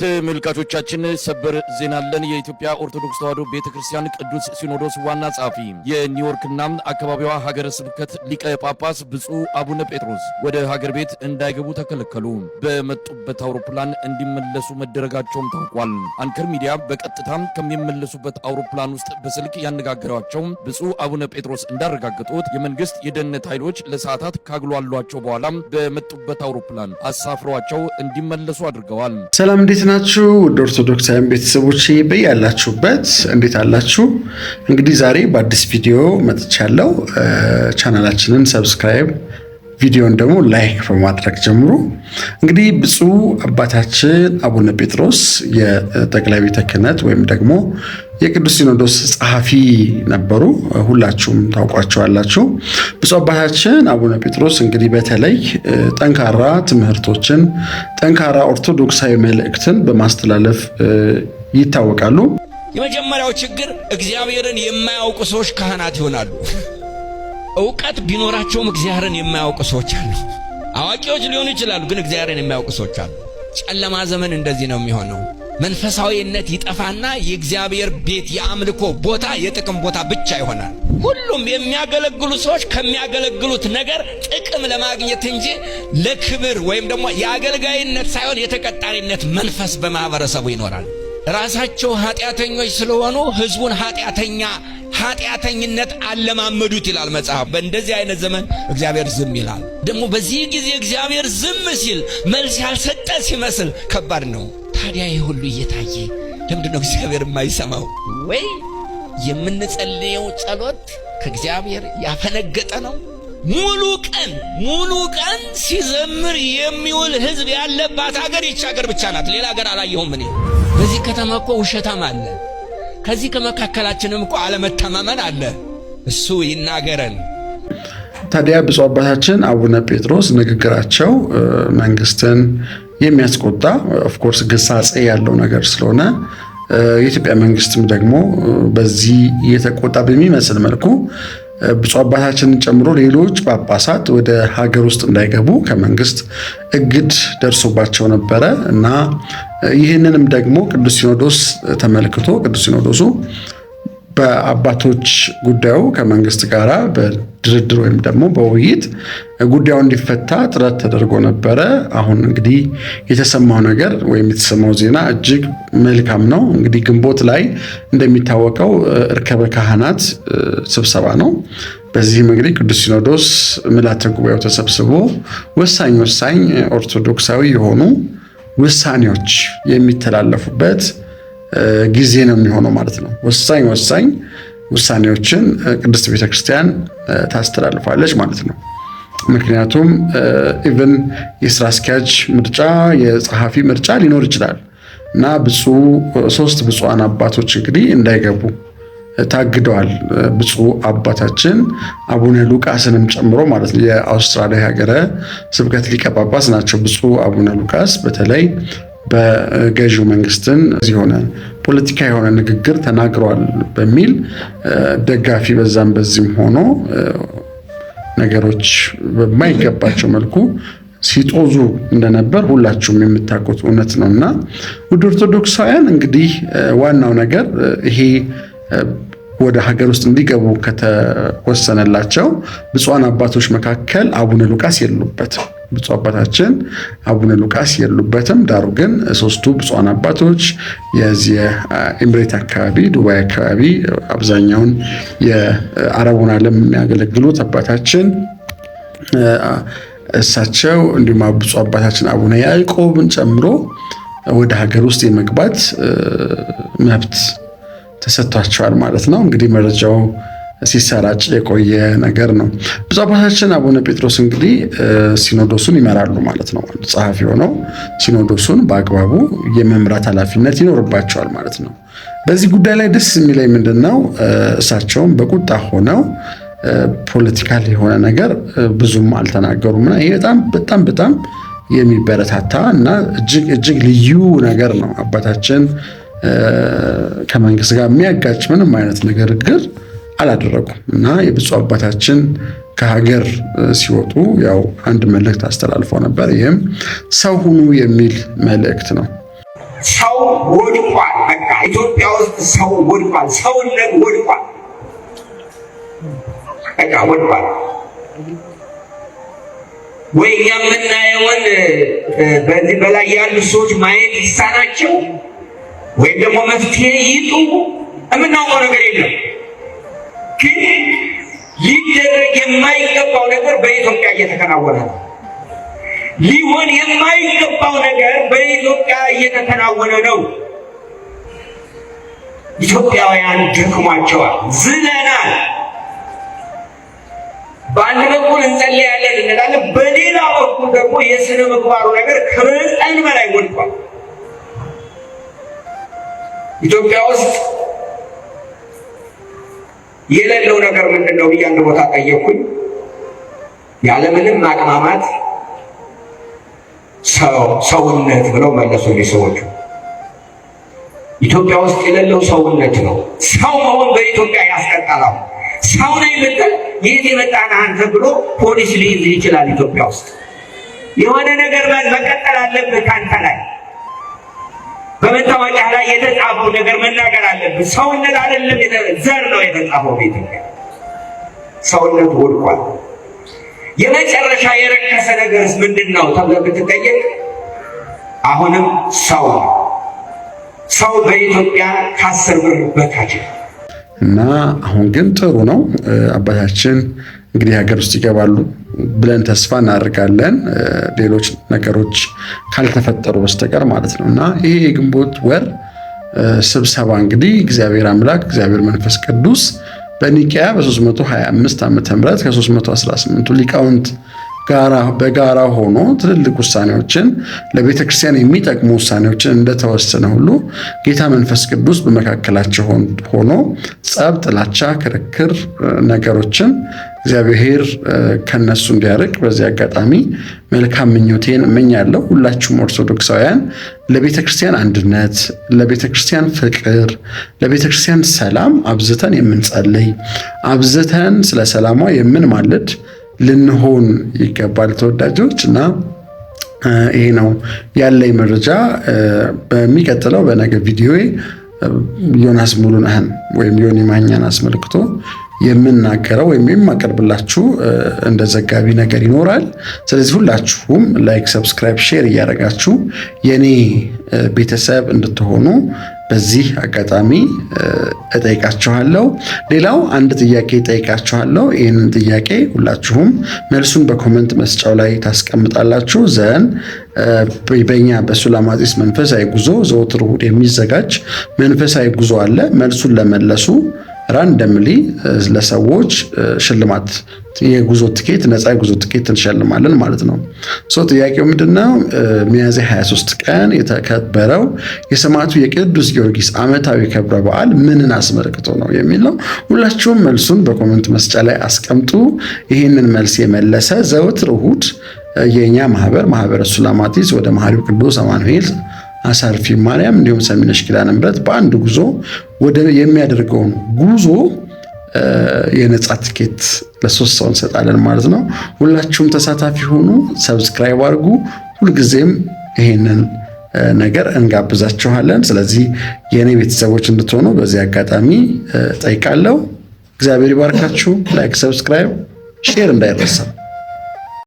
ተመልካቾቻችን ሰበር ዜና አለን። የኢትዮጵያ ኦርቶዶክስ ተዋሕዶ ቤተ ክርስቲያን ቅዱስ ሲኖዶስ ዋና ጸሐፊ የኒውዮርክና አካባቢዋ ሀገረ ስብከት ሊቀ ጳጳስ ብፁዕ አቡነ ጴጥሮስ ወደ ሀገር ቤት እንዳይገቡ ተከለከሉ። በመጡበት አውሮፕላን እንዲመለሱ መደረጋቸውም ታውቋል። አንከር ሚዲያ በቀጥታ ከሚመለሱበት አውሮፕላን ውስጥ በስልክ ያነጋገሯቸው ብፁዕ አቡነ ጴጥሮስ እንዳረጋገጡት የመንግስት የደህንነት ኃይሎች ለሰዓታት ካግሏሏቸው በኋላ በመጡበት አውሮፕላን አሳፍሯቸው እንዲመለሱ አድርገዋል። ሰላም እንዴት ናችሁ ውድ ኦርቶዶክሳውያን ቤተሰቦች በያላችሁበት እንዴት አላችሁ? እንግዲህ ዛሬ በአዲስ ቪዲዮ መጥቻለሁ። ቻናላችንን ሰብስክራይብ ቪዲዮን ደግሞ ላይክ በማድረግ ጀምሩ። እንግዲህ ብፁዕ አባታችን አቡነ ጴጥሮስ የጠቅላይ ቤተ ክህነት ወይም ደግሞ የቅዱስ ሲኖዶስ ጸሐፊ ነበሩ። ሁላችሁም ታውቋቸዋላችሁ። ብፁዕ አባታችን አቡነ ጴጥሮስ እንግዲህ በተለይ ጠንካራ ትምህርቶችን፣ ጠንካራ ኦርቶዶክሳዊ መልእክትን በማስተላለፍ ይታወቃሉ። የመጀመሪያው ችግር እግዚአብሔርን የማያውቁ ሰዎች ካህናት ይሆናሉ። እውቀት ቢኖራቸውም እግዚአብሔርን የማያውቁ ሰዎች አሉ። አዋቂዎች ሊሆኑ ይችላሉ፣ ግን እግዚአብሔርን የማያውቁ ሰዎች አሉ። ጨለማ ዘመን እንደዚህ ነው የሚሆነው። መንፈሳዊነት ይጠፋና የእግዚአብሔር ቤት የአምልኮ ቦታ የጥቅም ቦታ ብቻ ይሆናል። ሁሉም የሚያገለግሉ ሰዎች ከሚያገለግሉት ነገር ጥቅም ለማግኘት እንጂ ለክብር ወይም ደግሞ የአገልጋይነት ሳይሆን የተቀጣሪነት መንፈስ በማህበረሰቡ ይኖራል። ራሳቸው ኃጢአተኞች ስለሆኑ ህዝቡን ኃጢአተኛ ኃጢአተኝነት አለማመዱት ይላል መጽሐፍ። በእንደዚህ አይነት ዘመን እግዚአብሔር ዝም ይላል። ደግሞ በዚህ ጊዜ እግዚአብሔር ዝም ሲል መልስ ያልሰጠ ሲመስል ከባድ ነው። ታዲያ ይህ ሁሉ እየታየ ለምንድን ነው እግዚአብሔር የማይሰማው? ወይ የምንጸልየው ጸሎት ከእግዚአብሔር ያፈነገጠ ነው? ሙሉ ቀን ሙሉ ቀን ሲዘምር የሚውል ህዝብ ያለባት ሀገር ይች ሀገር ብቻ ናት። ሌላ ሀገር አላየሁም እኔ። በዚህ ከተማ እኮ ውሸታም አለ። ከዚህ ከመካከላችንም እኮ አለመተማመን አለ። እሱ ይናገረን። ታዲያ ብፁዕ አባታችን አቡነ ጴጥሮስ ንግግራቸው መንግስትን የሚያስቆጣ ኦፍኮርስ ግሳጼ ያለው ነገር ስለሆነ የኢትዮጵያ መንግስትም ደግሞ በዚህ እየተቆጣ በሚመስል መልኩ ብፁዕ አባታችንን ጨምሮ ሌሎች ጳጳሳት ወደ ሀገር ውስጥ እንዳይገቡ ከመንግስት እግድ ደርሶባቸው ነበረ እና ይህንንም ደግሞ ቅዱስ ሲኖዶስ ተመልክቶ ቅዱስ ሲኖዶሱ በአባቶች ጉዳዩ ከመንግስት ጋር በድርድር ወይም ደግሞ በውይይት ጉዳዩ እንዲፈታ ጥረት ተደርጎ ነበረ። አሁን እንግዲህ የተሰማው ነገር ወይም የተሰማው ዜና እጅግ መልካም ነው። እንግዲህ ግንቦት ላይ እንደሚታወቀው እርከበ ካህናት ስብሰባ ነው። በዚህም እንግዲህ ቅዱስ ሲኖዶስ ምልዓተ ጉባኤው ተሰብስቦ ወሳኝ ወሳኝ ኦርቶዶክሳዊ የሆኑ ውሳኔዎች የሚተላለፉበት ጊዜ ነው የሚሆነው ማለት ነው። ወሳኝ ወሳኝ ውሳኔዎችን ቅድስት ቤተክርስቲያን ታስተላልፋለች ማለት ነው። ምክንያቱም ኢቨን የስራ አስኪያጅ ምርጫ፣ የጸሐፊ ምርጫ ሊኖር ይችላል እና ብፁ ሶስት ብፁዓን አባቶች እንግዲህ እንዳይገቡ ታግደዋል። ብፁ አባታችን አቡነ ሉቃስንም ጨምሮ ማለት ነው። የአውስትራሊያ ሀገረ ስብከት ሊቀጳጳስ ናቸው። ብፁ አቡነ ሉቃስ በተለይ በገዢው መንግስትን የሆነ ፖለቲካ የሆነ ንግግር ተናግረዋል በሚል ደጋፊ በዛም በዚህም ሆኖ ነገሮች በማይገባቸው መልኩ ሲጦዙ እንደነበር ሁላችሁም የምታውቁት እውነት ነው እና ውድ ኦርቶዶክሳውያን እንግዲህ ዋናው ነገር ይሄ ወደ ሀገር ውስጥ እንዲገቡ ከተወሰነላቸው ብፁዓን አባቶች መካከል አቡነ ሉቃስ የሉበትም። ብፁ አባታችን አቡነ ሉቃስ የሉበትም። ዳሩ ግን ሶስቱ ብፁዓን አባቶች የዚህ ኤምሬት አካባቢ ዱባይ አካባቢ አብዛኛውን የአረቡን ዓለም የሚያገለግሉት አባታችን እሳቸው እንዲሁም ብፁ አባታችን አቡነ ያዕቆብን ጨምሮ ወደ ሀገር ውስጥ የመግባት መብት ተሰጥቷቸዋል ማለት ነው። እንግዲህ መረጃው ሲሰራጭ የቆየ ነገር ነው። ብፁዕ አባታችን አቡነ ጴጥሮስ እንግዲህ ሲኖዶሱን ይመራሉ ማለት ነው። ጸሐፊ ሆነው ሲኖዶሱን በአግባቡ የመምራት ኃላፊነት ይኖርባቸዋል ማለት ነው። በዚህ ጉዳይ ላይ ደስ የሚለኝ ምንድን ነው፣ እሳቸውም በቁጣ ሆነው ፖለቲካል የሆነ ነገር ብዙም አልተናገሩም እና ይሄ በጣም በጣም በጣም የሚበረታታ እና እጅግ እጅግ ልዩ ነገር ነው። አባታችን ከመንግስት ጋር የሚያጋጭ ምንም አይነት ንግግር አላደረጉም እና የብፁ አባታችን ከሀገር ሲወጡ ያው አንድ መልእክት አስተላልፈው ነበር። ይህም ሰው ሁኑ የሚል መልእክት ነው። ሰው ወድቋል። በቃ ኢትዮጵያ ውስጥ ሰው ወድቋል። ሰውነት ወድቋል። በቃ ወድቋል። ወይ የምናየውን በዚህ በላይ ያሉ ሰዎች ማየት ይሳናቸው ወይም ደግሞ መፍትሄ ይጡ። የምናውቀው ነገር የለም ግን ሊደረግ የማይገባው ነገር በኢትዮጵያ እየተከናወነ ነው። ሊሆን የማይገባው ነገር በኢትዮጵያ እየተከናወነ ነው። ኢትዮጵያውያን ደክሟቸዋል፣ ዝለናል። በአንድ በኩል እንጸልያለን እንላለን፣ በሌላ በኩል ደግሞ የስነ ምግባሩ ነገር ከመጠን በላይ ወድቋል ኢትዮጵያ ውስጥ የሌለው ነገር ምንድን ነው ብዬ አንድ ቦታ ጠየኩኝ ያለምንም ማቅማማት ሰውነት ብለው መለሱ ሰዎቹ። ኢትዮጵያ ውስጥ የሌለው ሰውነት ነው። ሰው መሆን በኢትዮጵያ ያስቀጣላል። ሰው ነኝ የት የመጣን አንተ ብሎ ፖሊስ ሊይዝ ይችላል። ኢትዮጵያ ውስጥ የሆነ ነገር መቀጠል አለብህ ከአንተ ላይ በመታወቂያ ላይ የተጻፈው ነገር መናገር አለብን። ሰውነት አይደለም ዘር ነው የተጻፈው። በኢትዮጵያ ሰውነት ወድቋል። የመጨረሻ የረከሰ ነገርስ ምንድን ነው ተብሎ ብትጠየቅ አሁንም ሰው ሰው በኢትዮጵያ ከአስር ብር በታች እና አሁን ግን ጥሩ ነው። አባታችን እንግዲህ ሀገር ውስጥ ይገባሉ። ብለን ተስፋ እናደርጋለን፣ ሌሎች ነገሮች ካልተፈጠሩ በስተቀር ማለት ነው እና ይሄ የግንቦት ወር ስብሰባ እንግዲህ እግዚአብሔር አምላክ እግዚአብሔር መንፈስ ቅዱስ በኒቅያ በ325 ዓ ም ከ318ቱ ሊቃውንት በጋራ ሆኖ ትልልቅ ውሳኔዎችን ለቤተ ክርስቲያን የሚጠቅሙ ውሳኔዎችን እንደተወሰነ ሁሉ ጌታ መንፈስ ቅዱስ በመካከላቸው ሆኖ ጸብ፣ ጥላቻ፣ ክርክር ነገሮችን እግዚአብሔር ከነሱ እንዲያርቅ በዚህ አጋጣሚ መልካም ምኞቴን እመኛለሁ። ሁላችሁም ኦርቶዶክሳውያን ለቤተ ክርስቲያን አንድነት፣ ለቤተ ክርስቲያን ፍቅር፣ ለቤተ ክርስቲያን ሰላም አብዝተን የምንጸልይ አብዝተን ስለ ሰላሟ የምንማልድ ልንሆን ይገባል ተወዳጆች እና ይሄ ነው ያለኝ መረጃ። በሚቀጥለው በነገ ቪዲዮ ዮናስ ሙሉነህን ወይም ዮኒ ማኛን አስመልክቶ የምናገረው ወይም የማቀርብላችሁ እንደ ዘጋቢ ነገር ይኖራል። ስለዚህ ሁላችሁም ላይክ፣ ሰብስክራይብ፣ ሼር እያደረጋችሁ የኔ ቤተሰብ እንድትሆኑ በዚህ አጋጣሚ እጠይቃችኋለሁ። ሌላው አንድ ጥያቄ እጠይቃችኋለሁ። ይህንን ጥያቄ ሁላችሁም መልሱን በኮመንት መስጫው ላይ ታስቀምጣላችሁ። ዘን በኛ በሱላማጢስ መንፈሳዊ ጉዞ ዘወትር እሑድ የሚዘጋጅ መንፈሳዊ ጉዞ አለ። መልሱን ለመለሱ ራንደምሊ eh, ለሰዎች eh, ሽልማት የጉዞ ትኬት ነፃ የጉዞ ትኬት እንሸልማለን ማለት ነው። ጥያቄው ምንድነው? Eh, ሚያዝያ 23 ቀን የተከበረው የሰማዕቱ የቅዱስ ጊዮርጊስ ዓመታዊ ክብረ በዓል ምንን አስመልክቶ ነው የሚለው። ሁላችሁም መልሱን በኮመንት መስጫ ላይ አስቀምጡ። ይህንን መልስ የመለሰ ዘወትር እሑድ የእኛ ማህበር ማህበረ ሱላማጢስ ወደ መኃሪው ቅዱስ አማኑኤል አሳርፊ ማርያም እንዲሁም ሰሚነሽ ኪዳነ ምሕረት በአንድ ጉዞ ወደ የሚያደርገውን ጉዞ የነጻ ትኬት ለሶስት ሰው እንሰጣለን ማለት ነው። ሁላችሁም ተሳታፊ ሆኑ፣ ሰብስክራይብ አድርጉ። ሁልጊዜም ይሄንን ነገር እንጋብዛችኋለን። ስለዚህ የእኔ ቤተሰቦች እንድትሆኑ በዚህ አጋጣሚ ጠይቃለሁ። እግዚአብሔር ይባርካችሁ። ላይክ፣ ሰብስክራይብ፣ ሼር እንዳይረሳ።